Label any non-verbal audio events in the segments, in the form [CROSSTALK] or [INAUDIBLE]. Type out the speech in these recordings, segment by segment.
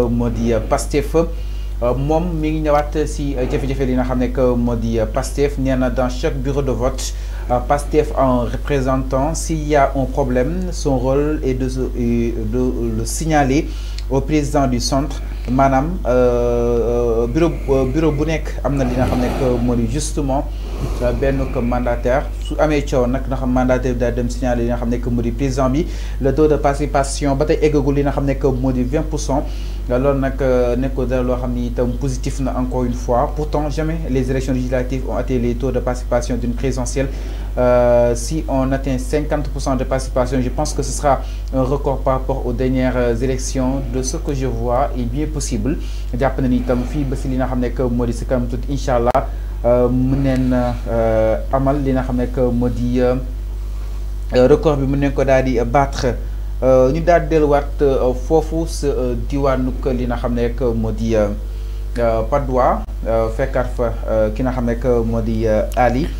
moo dit euh, Pastef euh, Mom si euh, Pastef dans chaque bureau de vote Pastef en représentant s'il y a un problème son rôle est de le signaler au président du centre Madame bureau bureau bu justement ben ko mandataire sous amee coow nga mandataire da dem signaler li nga xamné que modi président bi le taux de participation batay tey li nga xamné que modi 20 pour cent loolu nag euh, nekkul dara loo positif na encore une fois pourtant jamais les élections législatives ont atteint les taux de participation d'une présidentielle Euh, si on atteint 50% de participation, je pense que ce sera un record par rapport aux dernières euh, élections. De ce que je vois, il est bien possible. Japonais, Tamfi, Basilina modi Maurice Kamtout, Inch'Allah. Euh, mu neen euh, amal li nga xam ne moo di euh, record bi mu neen ko daal di battre ñu daal di delluwaat foofu sa diwaanu li nga xam ne moo di Padoa fekkaat fa ki nga xam ne moo di Ali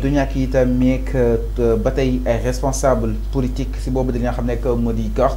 du ñàkk itam meek ba tey ay responsable politique si boobu di nga xam ne moo di gox.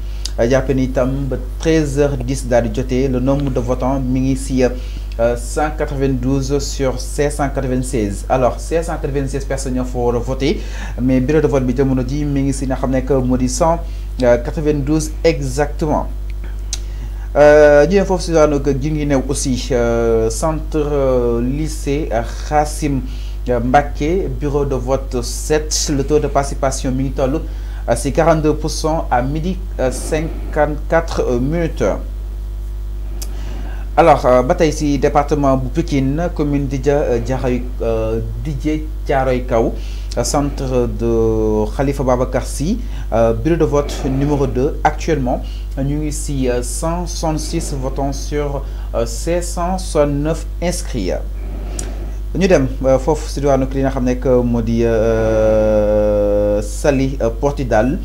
13h10 euh, le nombre de votants est euh, 192 sur 696. alors 696 personnes ont voté mais bureau de vote bi dit que 192 exactement. Il y a Le aussi euh, centre lycée le bureau de vote 7 le taux de participation est c'est 42% à midi 54 euh, euh, minutes. alors euh, bataille ici, département bu commune Didier Tiaraïkaou, centre de Khalifa Babakarsi, karsi bureau de vote numéro 2 actuellement nous ici si 166 votants sur 669 inscrits ñu dem Sali euh, Portidal,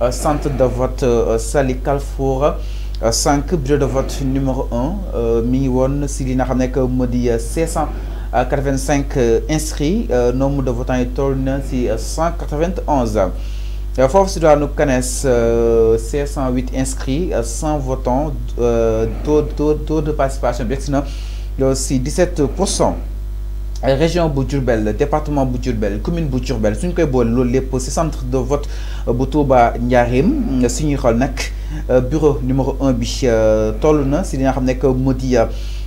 euh, centre de vote euh, Sali Calfour, 5 bureau de vote numéro 1, Mingwon, Sidina Naranek, Modi, 685 inscrits, nombre de votants est de 191. Force de nous connaissent 608 inscrits, 100 votants, taux, de participation, bien aussi 17%. Euh, région Bouturbel, département Bouturbel, commune Bouturbel, Diourbel suñ koy centres centre de vote euh, Boutouba Niarim, Ndiarème mm, euh, bureau numéro un bi toll na Maudit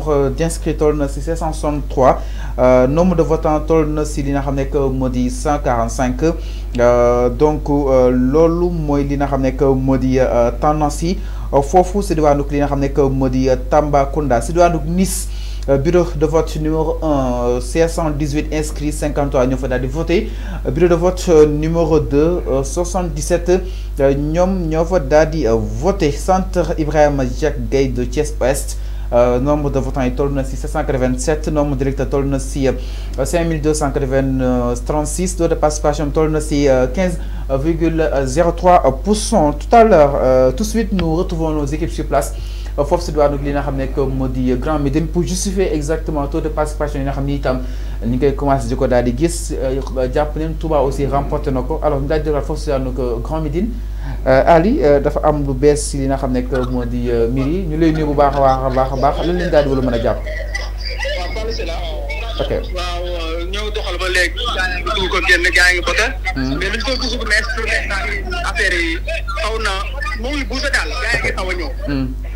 nombre d'inscrits c'est na si euh, nombre de votants toll na si li nga xam nekk 145 euh, donc euh, loolu mooy li nga xam nekk moo di tendance yi foofu si diwaanu li nga xam nekk Nice bureau de vote numéro 1 618 inscrits 53 ans, fa daal voté bureau de vote numéro 2 77 ñoom ñoo voté centre Ibrahim Jacques Gay de Thiès Ouest euh, nombre de votants est 687, nombre d'électeurs euh, est 5236 taux de participation est euh, 15,03%. tout à l'heure tout de suite nous retrouvons nos équipes sur place fof ci diwaanu li nga xamné ne que moo di Grand medine pour justifier exactement taux de participation yi nga xamni tam ni ñu ngi commencé diko ko di gis euh, japp nañu Touba aussi remporté nako ko alors ñu daal di doon foofu si diwaanu Grand medine euh, Ali euh, dafa am lu bees si li nga xamné ne que moo di mbir ñu lay nuyu bu baax baax baax baax lan lañ daal di mëna japp mën a jàpp. ok waaw ñëw doxal ba léegi gaa ngi ko génn gaa ngi bote mais luñ ko gis bu nekk pour l'instant affaire yi xaw na mu ngi buuse daal gaa ngi xaw a ñëw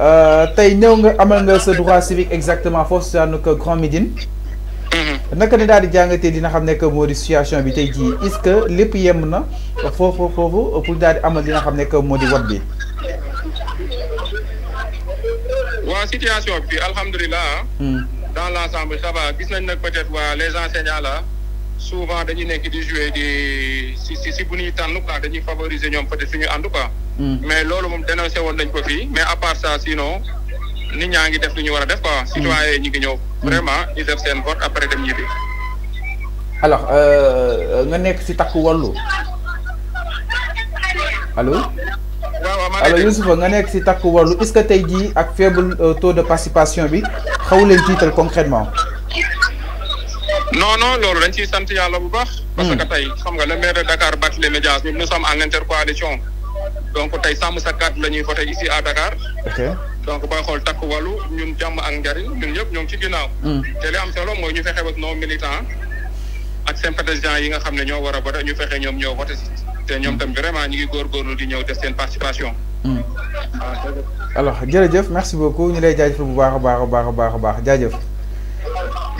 Euh, tey ñëw nga amal nga sa droit civique exactement foo si daanu ko Grand Médine. Mhm. naka ni daal di jàngatee dina xam ne que moo di situation bi tey jii est-ce que lépp yem na foofu foofu pour daal di amal dina xam ne que moo di wat bi. waaw situation bi alhamdulilah. Hmm. dans l'ensemble ça va gis nañ nag peut-être waa les enseignants la souvent dañuy nekk di jouer di si si bu ñuy tànn quoi dañuy favoriser ñoom peut-être suñu ànd quoi. Hmm. mais loolu moom dénoncé woon nañ ko fii mais à part ça sinon nit ñaa ngi def lu ñu war a def quoi. Hmm. citoyen yi ñu ngi ñëw. Hmm. vraiment ñu def seen vote après dem ñibbi. alors euh, euh, nga nekk si takku wallu allo. waaw maa alors Youssoufa nga nekk si takku wallu est que tey jii ak faible euh, taux de participation bi xawu leen tiital concrètement non non loolu dañ ciy sant yàlla bu baax. Hmm. parce que tey xam nga le maire de Dakar Barthélémy Dias ñun nous sommes en intercoalition donc tey sàmm sa kàddu la ñuy voté ici à Dakar. donc booy xool takk wallu ñun jàmm ak njariñ ñun yëpp ñoo ngi ci ginnaaw. Hmm. te li am solo mooy ñu fexe ak nos militants ak sympathisants yi nga xam ne ñoo war a voté ñu fexe ñoom ñëw voté te ñoom hmm. tam vraiment ñu ngi lu di ñëw def seen participation. Ah, alors jërëjëf merci beaucoup lay jaajëfal bu baax a baax a baax a baax jaajëf.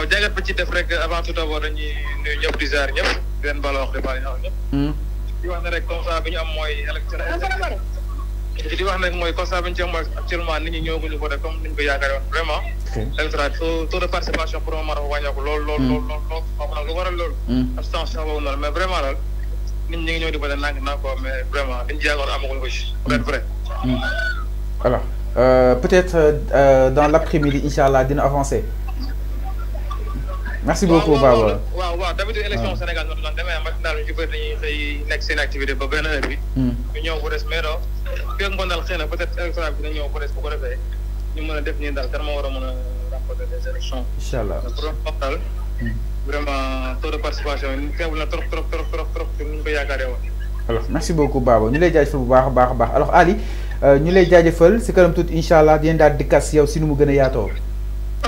waaw avant tout vraiment. de participation pour mais vraiment vraiment hmm. euh, peut-être euh, dans l'après-midi incha dina merci beaucoup Baba waaw waaw d'habitude élection Sénégal noonu la demee matin daal ñu ci bëri dañuy xëy nekk seen activité hmm. des mais non fekk ngoon daal na peut-être élection bi dina ñëw bu des bu ko defee ñu def nii daal kan moo war a mën a remporter les élections incha allah daal hmm. vraiment taux de participation yi faible na trop trop trop trop trop ko yaakaaree woon alors merci beaucoup Baba ñu lay jaajëfal bu baax baax baax alors Ali euh, ñu lay jaajëfal si kanam tuuti incha allah di leen daal dikkaat si yow si nu mu gën a yaatoo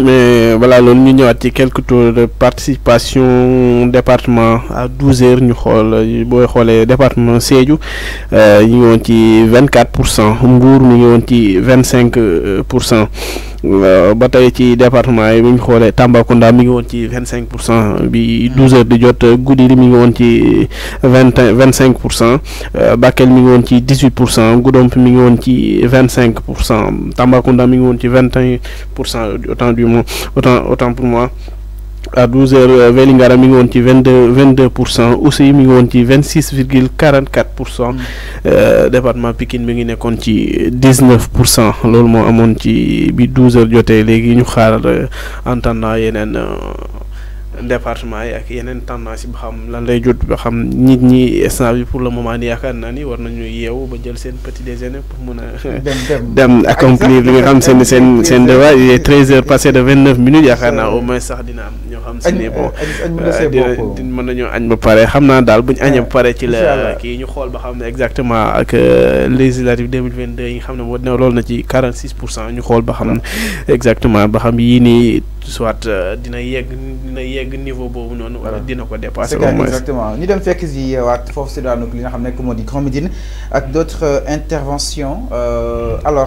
mais voilà nous avons quelques de participation département à 12 heures nous avons les départements département de euh, ñu 25% euh, euh, ci département heures jot Goudiri mi Bakel mi ngi ci Goudomp bi moom autant autant pour moi à douze heures euh, Vélingara mi ngi woon ci vingt deux vingt deux pour cent aussi mi ngi woon ci vingt six virgule quarante quatre pour cent euh, département Pikine mi ngi nekkoon ci dix neuf pour cent loolu moo amoon ci bi douze heures jotee léegi ñu xaar euh, entendre yeneen. département yi ak yeneen tendance yi ba xam lan lay ba xam nit ñi instant bi pour le moment yaakaar naa ni war nañu yeewu ba jël seen petit déjeuner pour mun a. dem [LAUGHS] accomplir li nga xam seen seen seen devoir il est de vingt neuf minutes yaakaar naa au moins sax dina am ñoo xam si euh, dina mën nañoo añ ba pare xam naa daal bu ñu añee pare ci la kii ñu xool ba xam ne exactement ak euh, législative deux mille vingt deux yi nga xam ne moo loolu na ci quarante six pour cent ñu xool ba xam exactement ba xam soit euh, dina yegg dina yegg niveau boobu noonu. wala dina ko dépasser au moins exactement ñu dem fekk si euh, waat foofu si daanu li nga xam ne moo di Grand Médine ak d' autres euh, interventions alors.